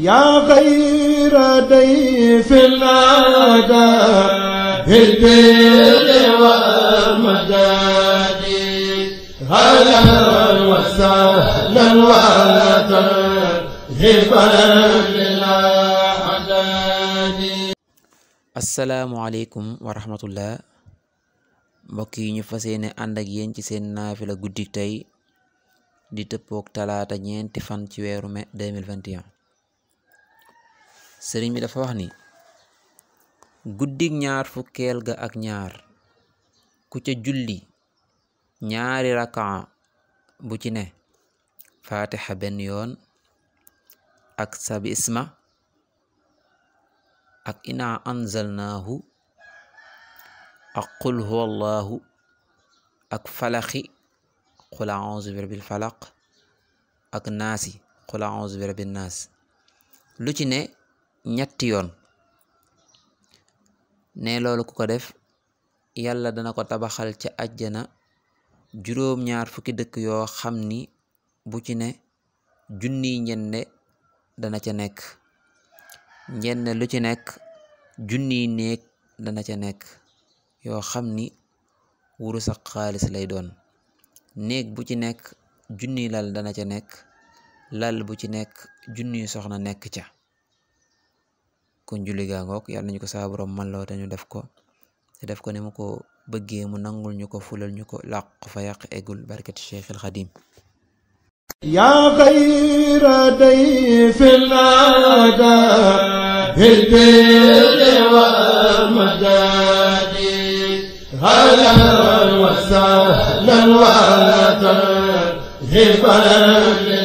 يا خير ضيف الأدى بالبر والمداد هلا وسهلا وترحبا بالأعداد السلام عليكم ورحمة الله mbokk yi ñu fas yéene ànd ak yéen ci seen naafila guddik tey di dëppook talaata ñeenti fan ci weeru mai 2021 sëriñ bi dafa wax ni guddig ñaar fukkeel ga ak ñaar ku ca julli ñaari rakaa bu ci ne fatixa benn yoon ak sabi isma ak ina anzalnaahu ak qul huwa allahu ak falaxi qul a'uuzu bi rabbil falaq ak naasi qul a'uuzu bi rabbin naas lu ci ne ñetti yoon ne loolu ku ko def yàlla dana ko tabaxal ca àjjana juróom ñaar fukki dëkk yoo xam ni bu ci ne junniy njende dana ca nekk njende lu ci nekk junniy néeg dana ca nekk yoo xam ni wurus xaalis lay doon néeg bu ci nekk junniy lal dana ca nekk lal bu ci nekk junniy soxna nekk ca kon julli gaa ngoog yàlla nañu ko saa borom man loo te ñu def ko te def ko ni mu ko bëggee mu nangul ñu ko fulal ñu ko làq fa yàq eggul barkat Cheikh al Xadim yaa xayra day fil aada bil birri wal madadi halan wa sahlan wa tarhiban